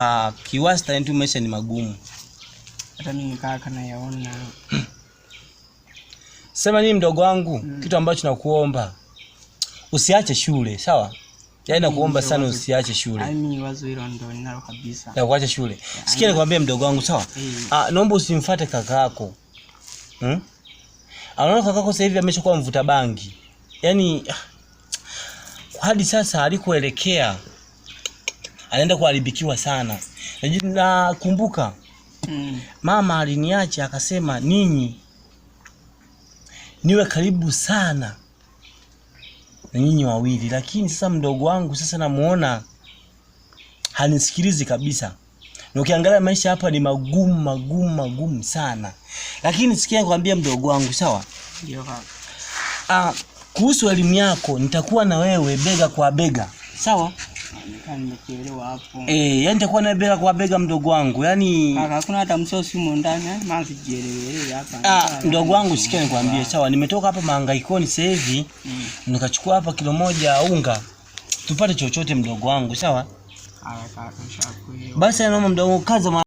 Uh, kiwasta yani tu maisha ni magumu, hata mimi nikaa kana yaona. Sema nini mdogo wangu mm. Kitu ambacho nakuomba usiache shule sawa, yaani, yaani nakuomba sana usiache shule. Mimi yaani wazo hilo ndio ninalo kabisa ya kuacha shule. Yeah, yaani Sikia nikwambie mdogo wangu sawa, eh. ah, naomba usimfuate kakaako. hmm? Anaona ah, kakaako sasa hivi ameshakuwa mvuta bangi, yaani ah, hadi sasa alikoelekea anaenda kuharibikiwa sana. Nakumbuka mm. mama aliniacha akasema, ninyi niwe karibu sana na nyinyi wawili, lakini sasa mdogo wangu sasa namuona hanisikilizi kabisa, na ukiangalia maisha hapa ni magumu magumu magumu sana, lakini sikia nikwambia mdogo wangu, sawa? Ndio kaka. Ah, kuhusu elimu yako nitakuwa na wewe bega kwa bega, sawa? Eh, yani nitakuwa nabega kwa bega mdogo wangu. Yani hakuna hata msosi humo ndani. Yaani maana sijielewele hapa. Ah, mdogo wangu sikia nikwambie, sawa, nimetoka hapa mahangaikoni sasa hivi. Mm. Nikachukua hapa kilo moja unga. Tupate chochote mdogo wangu, sawa? Haya kaka, nishakuelewa. Basi naomba mdogo kaza